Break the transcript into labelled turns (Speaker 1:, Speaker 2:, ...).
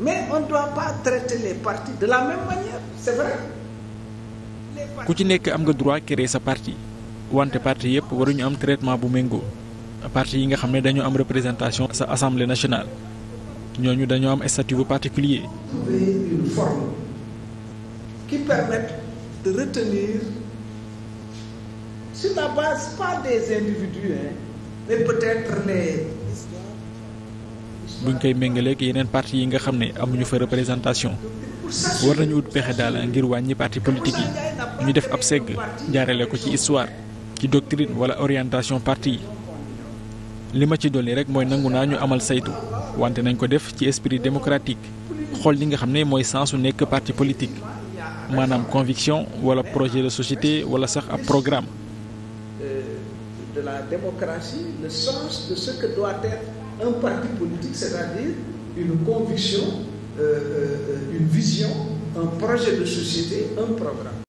Speaker 1: mais on ne
Speaker 2: ku ci nekk am nga droit créer sa parti wante parti yëpp waruñu am traitement bu méngoo parti yi nga xam ne dañoo am représentation sa assemblée nationale ñooñu dañoo am statut bu particulier.
Speaker 3: trouver une de individus hein,
Speaker 2: buñ koy méngaleeg yeneen parti yi nga xam ne amuñu fa représentation war nañu ut pexe daal ngir wàññi parti politique yi ñu def ab segg jaarale ko ci histoire ci doctrine wala orientation parti yi li ma ci dolli rek mooy nangu naa ñu amal saytu wante nañ ko def ci esprit démocratique xool li nga xam ne mooy sensu nekk parti politique maanaam conviction wala projet de société wala sax ab programme.
Speaker 3: Euh, la démocratie, un parti politique, c'est-à-dire une conviction, euh, euh, euh, une vision, un projet de société, un
Speaker 1: programme.